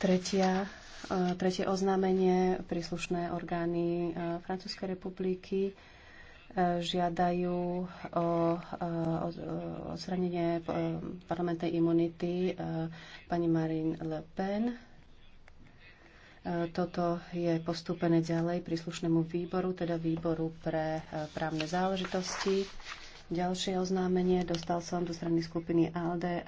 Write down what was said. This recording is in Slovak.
Tretia, e, tretie oznámenie, príslušné orgány e, Francúzskej republiky e, žiadajú o odstranenie parlamentnej imunity pani Marine Le Pen. Toto je postúpené ďalej príslušnému výboru, teda výboru pre právne záležitosti. Ďalšie oznámenie dostal som do strany skupiny ALDE